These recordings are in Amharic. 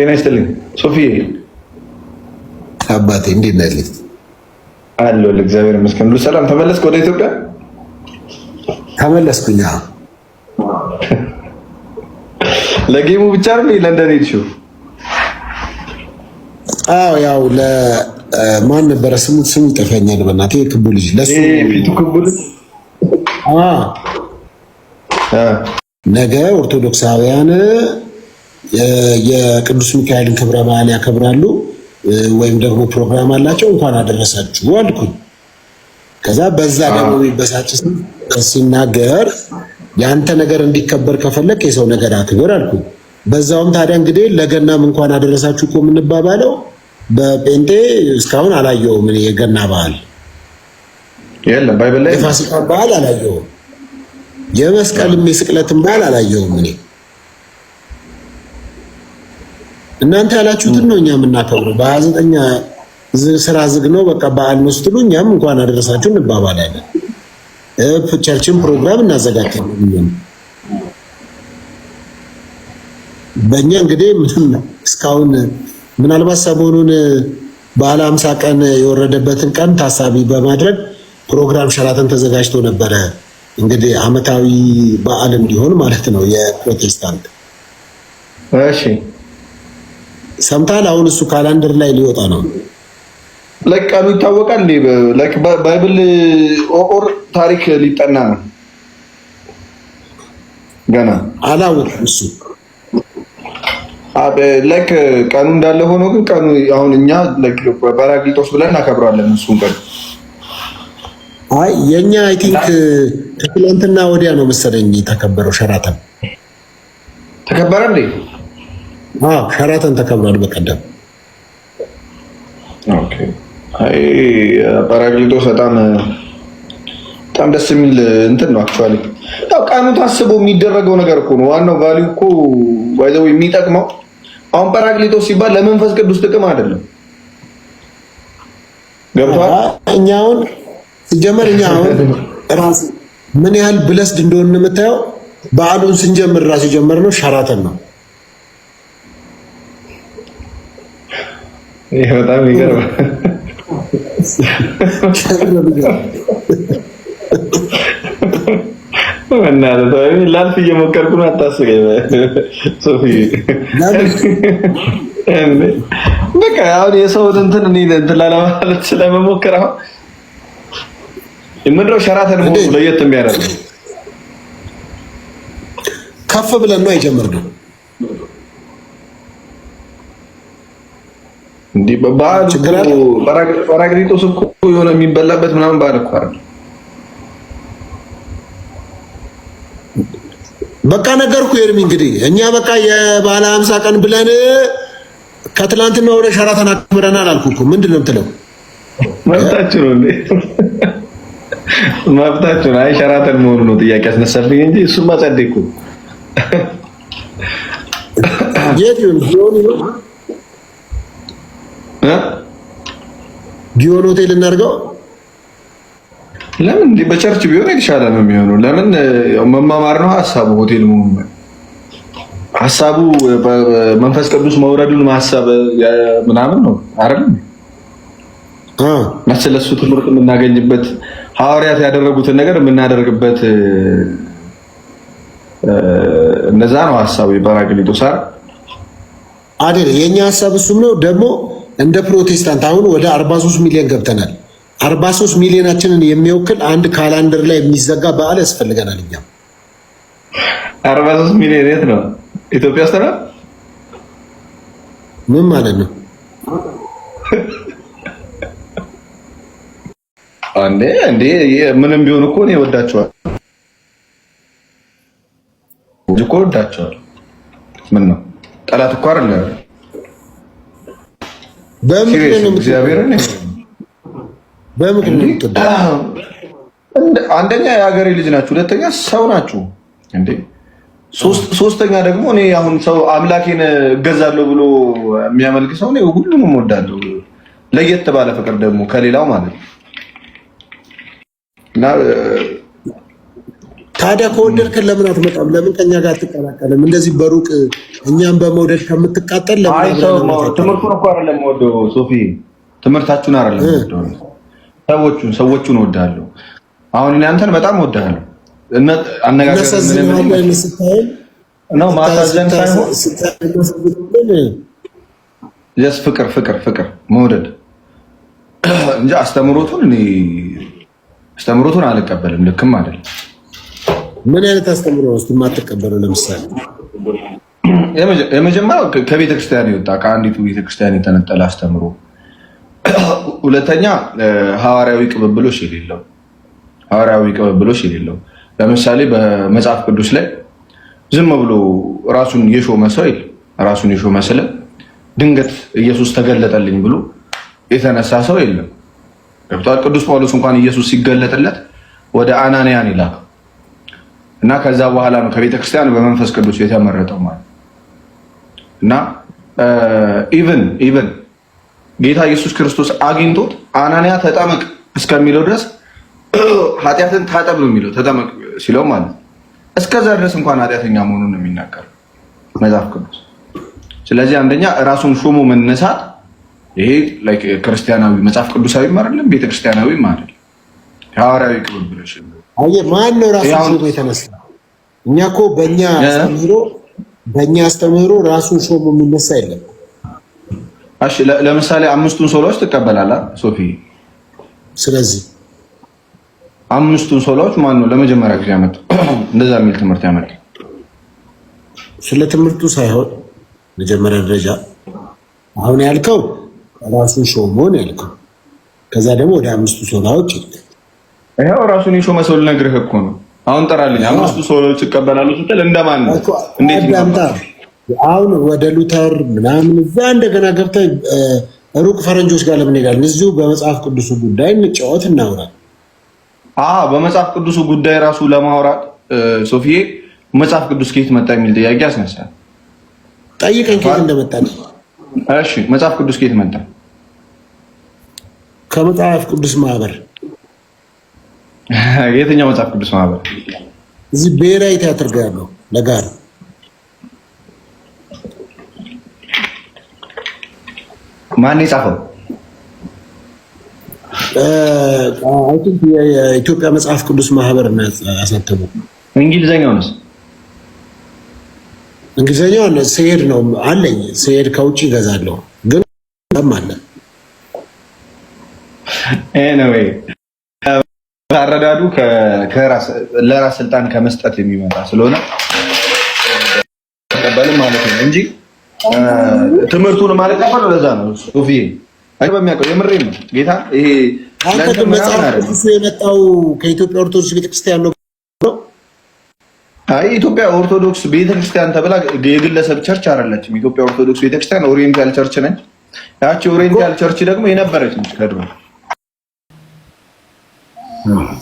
ጤና ይስጥልኝ ሶፊዬ። አባቴ እንዴት ነህ? አለሁ እግዚአብሔር ይመስገን። ሁሉ ሰላም። ተመለስክ ወደ ኢትዮጵያ? ተመለስኩኝ። ለጌሙ ብቻ ነው ለንደን ሄድሽው? አዎ ያው ለማን ነበረ ስሙ? ስሙ ይጠፋኛል። በእናትህ ክቡ ልጅ ለሱ ፊቱ ክቡ ልጅ ነገ ኦርቶዶክሳውያን የቅዱስ ሚካኤልን ክብረ በዓል ያከብራሉ ወይም ደግሞ ፕሮግራም አላቸው። እንኳን አደረሳችሁ አልኩኝ። ከዛ በዛ ደግሞ የሚበሳጭ ሲናገር የአንተ ነገር እንዲከበር ከፈለግ የሰው ነገር አክብር አልኩኝ። በዛውም ታዲያ እንግዲህ ለገናም እንኳን አደረሳችሁ እኮ የምንባባለው በጴንጤ እስካሁን አላየውም። የገና በዓል የለም፣ ባይብል ላይ የፋሲካ በዓል አላየውም። የመስቀልም የስቅለትም በዓል አላየውም እኔ እናንተ ያላችሁትን ነው እኛ የምናከብረው። በሀያ ዘጠኛ ስራ ዝግ ነው በቃ በዓል ነው ስትሉ እኛም እንኳን አደረሳችሁ እንባባላለን። ቸርችን ፕሮግራም እናዘጋጃለን። በእኛ እንግዲህ እስካሁን ምናልባት ሰሞኑን በዓለ ሀምሳ ቀን የወረደበትን ቀን ታሳቢ በማድረግ ፕሮግራም ሸራተን ተዘጋጅቶ ነበረ። እንግዲህ አመታዊ በዓል እንዲሆን ማለት ነው የፕሮቴስታንት እሺ ሰምታል። አሁን እሱ ካላንደር ላይ ሊወጣ ነው። ለቀኑ ይታወቃል። ባይብል ኦር ታሪክ ሊጠና ነው። ገና አላወቅም እሱ ለክ ቀኑ እንዳለ ሆኖ ግን ቀኑ አሁን እኛ በራግሊጦስ ብለን እናከብራለን። እሱን ቀን አይ የእኛ አይ ቲንክ ከትላንትና ወዲያ ነው መሰለኝ የተከበረው። ሸራተን ተከበረ እንዴ? ሸራተን ተከብሯል በቀደም። አይ ጳራቅሊጦስ በጣም በጣም ደስ የሚል እንትን ነው። አክቹዋሊ ያው ቀኑ ታስቦ የሚደረገው ነገር እኮ ነው። ዋናው ቫሊው እኮ ባይዘው የሚጠቅመው አሁን ጳራቅሊጦስ ሲባል ለመንፈስ ቅዱስ ጥቅም አይደለም። ገብቷል። እኛ አሁን ሲጀመር እኛ አሁን ራስ ምን ያህል ብለስድ እንደሆነ የምታየው በዓሉን ስንጀምር ራሱ ጀመር ነው ሸራተን ነው ይህ በጣም ይገርማል። እናንተ ላልፍ እየሞከርኩ ነው። አታስቀኝ ሶፊ። በቃ አሁን የሰውን እንትን እኔ እንትን ላለማለት ስለመሞከር አሁን የምንድነው ሸራተን መሆኑ ለየት የሚያደርገው ከፍ ብለን ነው የጀመርነው። በዓል ጰራቅሊጦስ እኮ የሆነ የሚበላበት ምናምን በዓል እኮ አይደል? በቃ ነገርኩ። የእድሜ እንግዲህ እኛ በቃ የባለ ሀምሳ ቀን ብለን ከትላንትና ወደ ሸራተን አክብረናል አልኩ እኮ። ምንድን ነው የምትለው? መብታችሁ ነው እንዴ? መብታችሁ ነው። አይ ሸራተን መሆኑ ነው ጥያቄ አስነሳብኝ እንጂ እሱማ ጸደኩ። የት ይሁን ቢሆን ሆቴል እናድርገው። ለምን በቸርች ቢሆን የተሻለ ነው የሚሆነው። ለምን መማማር ነው ሀሳቡ፣ ሆቴል መሆኑ ሀሳቡ መንፈስ ቅዱስ መውረዱን ማሰብ ምናምን ነው አይደል? ስለሱ ትምህርት የምናገኝበት ሐዋርያት ያደረጉትን ነገር የምናደርግበት እነዛ ነው ሀሳቡ። የጰራቅሊጦስ አይደል? የእኛ ሀሳብ እሱም ነው ደግሞ እንደ ፕሮቴስታንት አሁን ወደ 43 ሚሊዮን ገብተናል። 43 ሚሊዮናችንን የሚወክል አንድ ካላንደር ላይ የሚዘጋ በዓል ያስፈልገናል። እኛም 43 ሚሊዮን የት ነው? ኢትዮጵያ ውስጥ ነው። ምን ማለት ነው አንዴ እንዴ ምንም ቢሆን እኮ ነው ወዳቸዋል እኮ ወዳቸዋል። ምን ነው ጠላት እኮ አይደለም አንደኛ የሀገሬ ልጅ ናችሁ፣ ሁለተኛ ሰው ናችሁ፣ ሶስተኛ ደግሞ እኔ አሁን ሰው አምላኬን እገዛለሁ ብሎ የሚያመልክ ሰው እኔ ሁሉንም ወዳለሁ፣ ለየት ባለ ፍቅር ደግሞ ከሌላው ማለት ነው። ታዲያ ከወደድከን ለምን አትመጣም? ለምን ከኛ ጋር አትቀላቀልም? እንደዚህ በሩቅ እኛም በመውደድ ከምትቃጠል ለምን? ትምህርቱን እኮ አይደለም ወደው ሶፊ፣ ትምህርታችሁን አይደለም ወደው ሰዎቹን ሰዎቹን ወዳለሁ። አሁን እኔ አንተን በጣም ወዳለሁ። እነ አነጋገር ነው ማሳዘን ሳይሆን የስ ፍቅር ፍቅር ፍቅር መውደድ እንጂ አስተምሮቱን እኔ አስተምሮቱን አልቀበልም። ልክም አይደለም ምን አይነት አስተምሮ ነው የማትቀበለው? ለምሳሌ የመጀመሪያው ከቤተ ክርስቲያን የወጣ ከአንዲቱ ቤተ ክርስቲያን የተነጠለ አስተምሮ፣ ሁለተኛ ሐዋርያዊ ቅብብሎች የሌለው ሐዋርያዊ ቅብብሎች የሌለው ለምሳሌ በመጽሐፍ ቅዱስ ላይ ዝም ብሎ ራሱን የሾመ ሰው የለም። ራሱን የሾመ ስለ ድንገት ኢየሱስ ተገለጠልኝ ብሎ የተነሳ ሰው የለም። ገብቷል። ቅዱስ ጳውሎስ እንኳን ኢየሱስ ሲገለጥለት ወደ አናንያን ይላል እና ከዛ በኋላ ነው ከቤተ ክርስቲያን በመንፈስ ቅዱስ የተመረጠው ማለት እና ኢቨን ኢቨን ጌታ ኢየሱስ ክርስቶስ አግኝቶት አናንያ ተጠመቅ እስከሚለው ድረስ ኃጢአትን ታጠብ የሚለው ተጠመቅ ሲለው ማለት እስከዛ ድረስ እንኳን ኃጢአተኛ መሆኑን ነው የሚናገረው መጽሐፍ ቅዱስ። ስለዚህ አንደኛ ራሱን ሹሙ መነሳት ይሄ ክርስቲያናዊ መጽሐፍ ቅዱሳዊም አይደለም ቤተክርስቲያናዊም አይደለም። ሐዋርያዊ ቅብብሎች ማን ነው ራሱ ሾሞ የተነሳ? እኛ እኮ በእኛ አስተምህሮ በእኛ አስተምህሮ ራሱን ሾሞ የሚነሳ የለም። እሺ ለምሳሌ አምስቱን ሶሎዎች ትቀበላለህ ሶፊ? ስለዚህ አምስቱን ሶሎዎች ማን ነው ለመጀመሪያ ጊዜ ያመጣው? እንደዛ የሚል ትምህርት ያመጣ? ስለ ትምህርቱ ሳይሆን መጀመሪያ ደረጃ አሁን ያልከው ራሱን ነው ያልከው፣ ከዛ ደግሞ ወደ አምስቱ ሶላዎች ይልካል ይኸው ራሱን የሾመ ሰው ልነግርህ እኮ ነው። አሁን ጠራልኝ። አምስቱ ሰዎች ይቀበላሉ ስትል እንደማን ነው? እንዴት ነው? አሁን ወደ ሉተር ምናምን እዛ እንደገና ገብተህ ሩቅ ፈረንጆች ጋር ለምን ሄዳል? እዚሁ በመጽሐፍ ቅዱሱ ጉዳይ እንጫወት፣ እናውራል። በመጽሐፍ ቅዱሱ ጉዳይ ራሱ ለማውራት ሶፊዬ፣ መጽሐፍ ቅዱስ ከየት መጣ የሚል ጥያቄ አስነሳ። ጠይቀኝ ከየት እንደመጣ። እሺ መጽሐፍ ቅዱስ ከየት መጣ? ከመጽሐፍ ቅዱስ ማህበር የትኛው መጽሐፍ ቅዱስ ማህበር? እዚህ ብሔራዊ ቲያትር ጋር ያለው ለጋር ማን የጻፈው? የኢትዮጵያ መጽሐፍ ቅዱስ ማህበር ያሳተሙ። እንግሊዘኛው እንግሊዘኛውን ስሄድ ነው አለኝ። ስሄድ ከውጭ ይገዛለሁ፣ ግን አለ ኤኒዌይ አረዳዱ ለራስ ስልጣን ከመስጠት የሚመጣ ስለሆነ ተቀበልም ማለት ነው እንጂ ትምህርቱን ማለት ነው። ለዛ ነው ሶፊ አይ በሚያውቀው የምሬ ነው ጌታ ይሄ የመጣው ከኢትዮጵያ ኦርቶዶክስ ቤተክርስቲያን ነው። አይ ኢትዮጵያ ኦርቶዶክስ ቤተክርስቲያን ተብላ የግለሰብ ቸርች አይደለችም። ኢትዮጵያ ኦርቶዶክስ ቤተክርስቲያን ኦሪየንታል ቸርች ነች። ያቺ ኦሪየንታል ቸርች ደግሞ የነበረች ነች ከድሮ Hmm.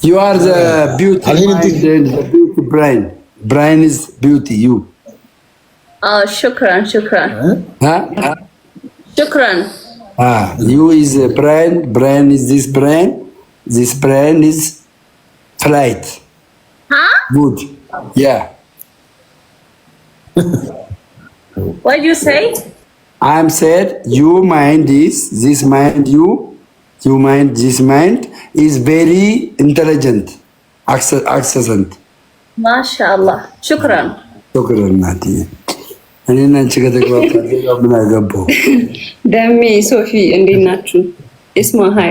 You are the beauty mind and the beauty brain. Brain is beauty, you. Oh, shukran, shukran. Huh? Eh? Shukran. Ah, you is a brain, brain is this brain, this brain is flight. Huh? Good. Yeah. what you say? I'm said you mind is this mind you ማይንድ ዚስ ማይንድ ኢዝ ቬሪ ኢንተለጀንት አክሰሰንት ማሻአላህ ሹክራን ሹክራን ናቲ እኔ እና ከተግባባ ምን አገባው ደሜ ሶፊ እንዴት ናችሁ እስማ ሃይ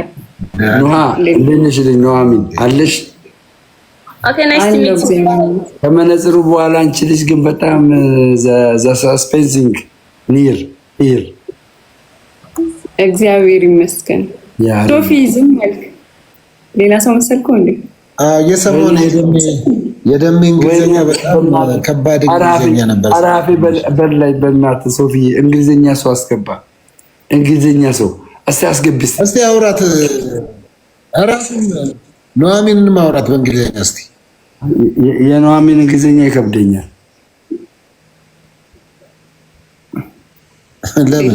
ኑሃ እንዴት ነሽ ልኝ ኑሃሚን አለሽ ከመነጽሩ በኋላ አንቺ ልጅ ግን በጣም ዘሰስፔንሲንግ ኒር ኒር እግዚአብሔር ይመስገን ሶፊ ሰው መሰልከው እንዴ? ሶፊ እንግሊዝኛ ሰው አስገባ። እንግሊዝኛ ሰው እስቲ አስገቢስ እስቲ አውራት ራሱ ኑሐሚንን ማውራት በእንግሊዝኛ እስቲ የኑሐሚን እንግሊዝኛ ይከብደኛል።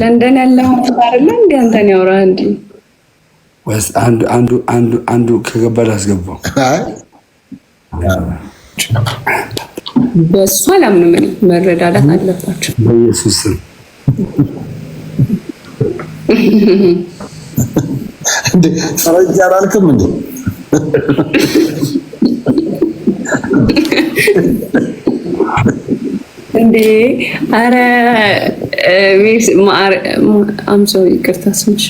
ለንደን ያለው አይደለ እንዴ አንተን ያውራ እንዴ ወይስ አንዱ ከገባ ላስገባው? በእሱ አላምንም። መረዳዳት አለባቸው። በኢየሱስ ስም ፈረንጅ አላልክም እንዴ? እንዴ አረ ማር ሰው ይቅርታ ስምሽ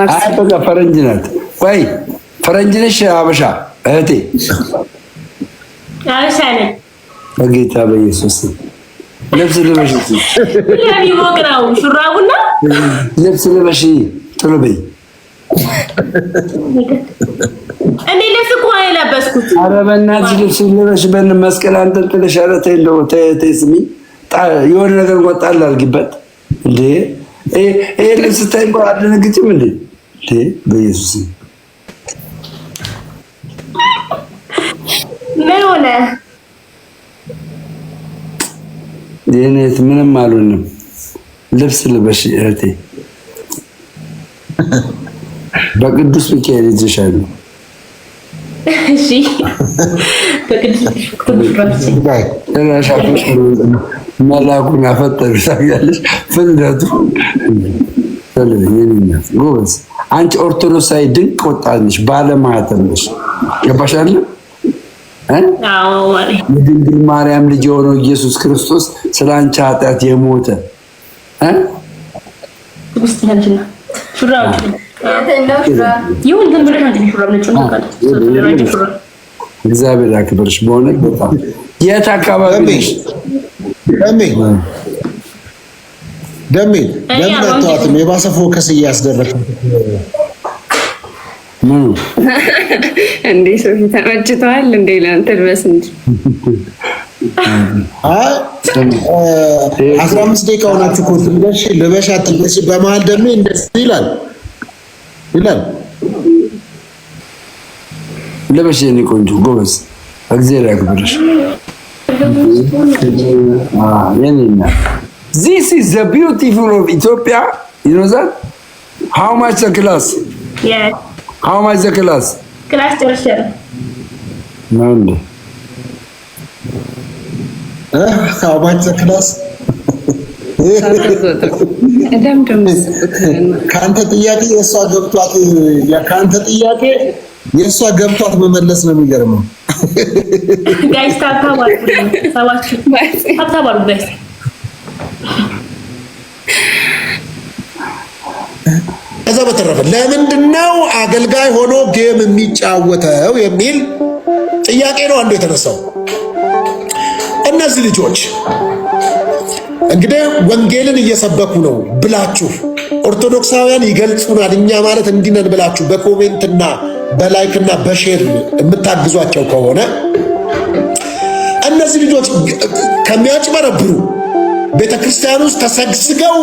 አያበዛ ፈረንጅ ናት። ወይ ፈረንጅ ነሽ አበሻ እህቴ? አበሻ ነኝ። በጌታ በኢየሱስ ልብስ ልበሽ፣ ሹራቡና ልብስ ልበሽ። ጥሩ በይ። እኔ ልብስ እኮ የለበስኩት። ኧረ በእናትሽ ልብስ ልበሽ። በን መስቀል አንጠልጥለሽ። ኧረ ተይ እንደው ተይ፣ ተይ ስሚ፣ የሆነ ነገር እንኳን ጣል አድርጊበት እንዴ ይሄ ልብስ ስታይ እንኳን አደነግጭም እንዴ? በኢየሱስ ምን ሆነ? የእኔት ምንም አልሆንም። ልብስ ልበሽ እህቴ፣ በቅዱስ ሚካኤል ይዤሻለሁ። እሺ፣ በቅዱስ ሚካኤል መላኩን አፈጠሩ ታያለች። ፍጥነቱ ጎበዝ፣ አንቺ ኦርቶዶክሳዊ ድንቅ ወጣት ነሽ፣ ባለማህተብ ገባሻለ የድንግል ማርያም ልጅ የሆነው ኢየሱስ ክርስቶስ ስለ አንቺ ኃጢአት የሞተ እግዚአብሔር ያክብርሽ። በሆነ በጣም የት አካባቢ ነሽ? ደሜ ደሜ ለምን አተዋትም? የባሰ ፎከስ እያስደረግ እንዴ ሶፊ ተመችተዋል እንዴ? ለአንተ ልበስ እንጂ አስራ አምስት ደቂቃ ሆናችሁ እኮ ትልበሽ ልበሽ አትልበሽ። በመሀል ደሜ እንደዚህ ይላል ይላል ልበሽ የኔ ቆንጆ ጎበዝ፣ እግዚአብሔር ያክብርሽ። This is the beautiful of Ethiopia. You know that? How much the class? Yes. How much the class? Class ጨርሻለሁ። ምንድን እ how much the class? ከአንተ ጥያቄ የእሷ ገብቷት የእሷ ገብቷት መመለስ ነው የሚገርመው። ጋይስ ታብታብ ጋይስ ከዛ በተረፈ ለምንድነው አገልጋይ ሆኖ ጌም የሚጫወተው የሚል ጥያቄ ነው አንዱ የተነሳው። እነዚህ ልጆች እንግዲህ ወንጌልን እየሰበኩ ነው ብላችሁ ኦርቶዶክሳውያን ይገልጹናል እኛ ማለት እንዲነን ብላችሁ በኮሜንትና በላይክ እና በሼር የምታግዟቸው ከሆነ እነዚህ ልጆች ከሚያጭበረብሩ ቤተ ክርስቲያን ውስጥ ተሰግስገው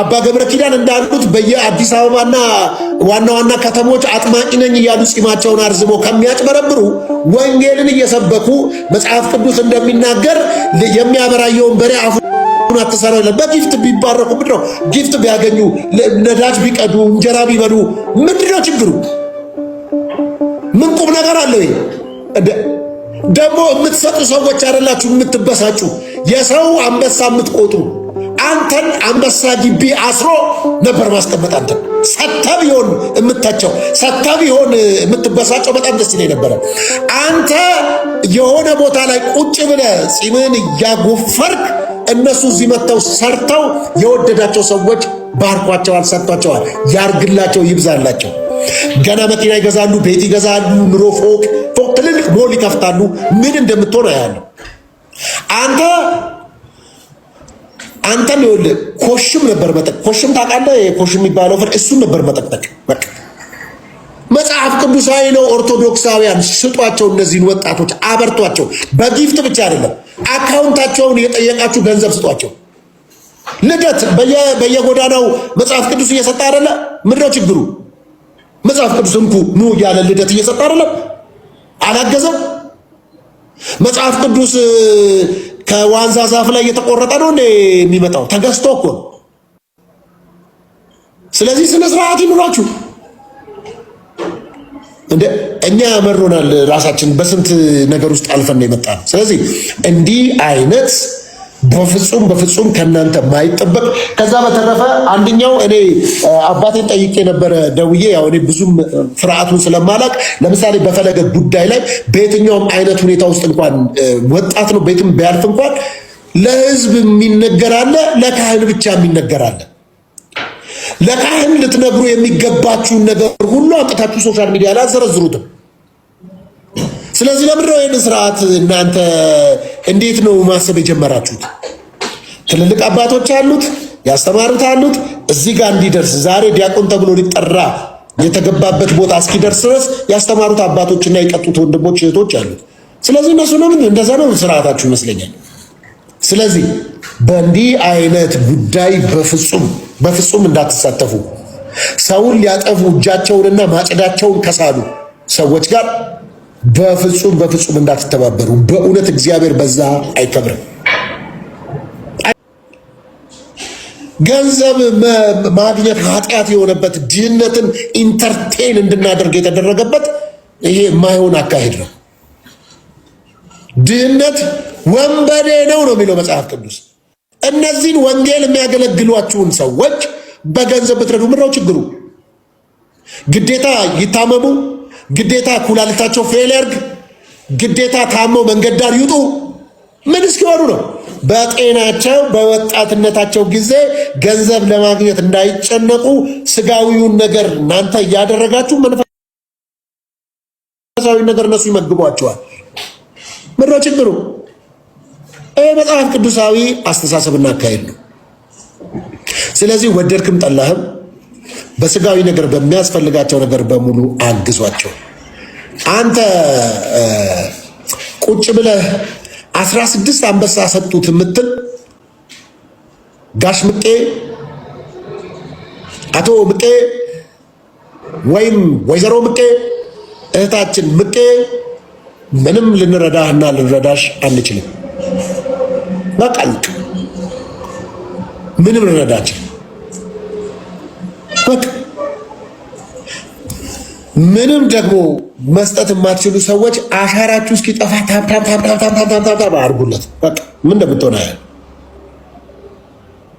አባ ገብረ ኪዳን እንዳሉት በየአዲስ አበባና ዋና ዋና ከተሞች አጥማቂ ነኝ እያሉ ጺማቸውን አርዝሞ ከሚያጭበረብሩ ወንጌልን እየሰበኩ መጽሐፍ ቅዱስ እንደሚናገር የሚያበራየውን በሬ አፉን አትሰራው በጊፍት ቢባረኩ ምንድነው? ጊፍት ቢያገኙ ነዳጅ ቢቀዱ እንጀራ ቢበሉ ምንድነው ችግሩ? ምን ቁም ነገር አለው ይሄ? ደግሞ የምትሰጡ ሰዎች አይደላችሁ የምትበሳጩ፣ የሰው አንበሳ የምትቆጡ አንተን አንበሳ ግቢ አስሮ ነበር ማስቀመጥ። አንተ ሰተ ቢሆን የምታቸው ሰተ ቢሆን የምትበሳጨው በጣም ደስ ይለኝ ነበረ። አንተ የሆነ ቦታ ላይ ቁጭ ብለ ፂምን እያጎፈርክ እነሱ እዚህ መጥተው ሰርተው የወደዳቸው ሰዎች ባርኳቸዋል፣ ሰጥቷቸዋል። ያርግላቸው፣ ይብዛላቸው። ገና መኪና ይገዛሉ፣ ቤት ይገዛሉ፣ ኑሮ ፎቅ ፎቅ ትልልቅ ሞል ይከፍታሉ። ምን እንደምትሆን ያለው አንተ አንተም ይኸውልህ ኮሽም ነበር መጠቅ ኮሽም ታውቃለህ? ኮሽም የሚባለው ፍር እሱን ነበር መጠቅጠቅ። በቃ መጽሐፍ ቅዱሳዊ ነው። ኦርቶዶክሳውያን ስጧቸው፣ እነዚህን ወጣቶች አበርቷቸው። በጊፍት ብቻ አይደለም፣ አካውንታቸውን የጠየቃችሁ ገንዘብ ስጧቸው። ልደት በየጎዳናው መጽሐፍ ቅዱስ እየሰጠ አይደለ? ምንድነው ችግሩ? መጽሐፍ ቅዱስ እንኩ ኑ እያለ ልደት እየሰጠ አይደለም? አላገዘም? መጽሐፍ ቅዱስ ከዋንዛ ዛፍ ላይ እየተቆረጠ ነው እንዴ የሚመጣው? ተገዝቶ እኮ። ስለዚህ ስነ ስርዓት ይኑራችሁ እንደ እኛ መሮናል። ራሳችን በስንት ነገር ውስጥ አልፈን ነው የመጣ ነው። ስለዚህ እንዲህ አይነት በፍጹም በፍጹም ከእናንተ ማይጠበቅ። ከዛ በተረፈ አንደኛው እኔ አባቴን ጠይቄ ነበረ ደውዬ፣ ያው እኔ ብዙም ፍርሃቱን ስለማላቅ፣ ለምሳሌ በፈለገ ጉዳይ ላይ በየትኛውም አይነት ሁኔታ ውስጥ እንኳን ወጣት ነው ቤትም ቢያልፍ እንኳን ለህዝብ የሚነገር አለ፣ ለካህን ብቻ የሚነገር አለ። ለካህን ልትነግሩ የሚገባችሁን ነገር ሁሉ አቅታችሁ ሶሻል ሚዲያ ላይ አዘረዝሩትም። ስለዚህ ለምንድነው ይህን ስርዓት እናንተ እንዴት ነው ማሰብ የጀመራችሁት? ትልልቅ አባቶች አሉት፣ ያስተማሩት አሉት። እዚህ ጋር እንዲደርስ ዛሬ ዲያቆን ተብሎ ሊጠራ የተገባበት ቦታ እስኪደርስ ድረስ ያስተማሩት አባቶችና የቀጡት ወንድሞች እህቶች አሉት። ስለዚህ እነሱ ነው ምን እንደዛ ነው ስርዓታችሁ ይመስለኛል። ስለዚህ በእንዲህ አይነት ጉዳይ በፍጹም በፍጹም እንዳትሳተፉ ሰውን ሊያጠፉ እጃቸውንና ማጭዳቸውን ከሳሉ ሰዎች ጋር በፍጹም በፍጹም እንዳትተባበሩ። በእውነት እግዚአብሔር በዛ አይከብርም። ገንዘብ ማግኘት ኃጢአት የሆነበት ድህነትን ኢንተርቴን እንድናደርግ የተደረገበት ይሄ የማይሆን አካሄድ ነው። ድህነት ወንበዴ ነው ነው የሚለው መጽሐፍ ቅዱስ። እነዚህን ወንጌል የሚያገለግሏችሁን ሰዎች በገንዘብ ብትረዱ ምድረው ችግሩ ግዴታ ይታመሙ ግዴታ ኩላሊታቸው ፌል ያርግ፣ ግዴታ ታመው መንገድ ዳር ይውጡ። ምን እስኪሆኑ ነው? በጤናቸው በወጣትነታቸው ጊዜ ገንዘብ ለማግኘት እንዳይጨነቁ ስጋዊውን ነገር እናንተ እያደረጋችሁ መንፈሳዊ ነገር እነሱ ይመግቧቸዋል። ምድረ ችግሩ ይህ መጽሐፍ ቅዱሳዊ አስተሳሰብና አካሄድ ነው። ስለዚህ ወደድክም ጠላህም በስጋዊ ነገር በሚያስፈልጋቸው ነገር በሙሉ አግዟቸው። አንተ ቁጭ ብለህ አስራ ስድስት አንበሳ ሰጡት የምትል ጋሽ ምጤ አቶ ምጤ ወይም ወይዘሮ ምጤ እህታችን ምጤ ምንም ልንረዳህና ልንረዳሽ አንችልም። በቃ ምንም ልንረዳችን በቃ ምንም ደግሞ መስጠት የማትችሉ ሰዎች አሻራችሁ እስኪጠፋ ታብታብታብታብታብታብ አድርጉለት። በቃ ምን እንደምትሆነ ያህል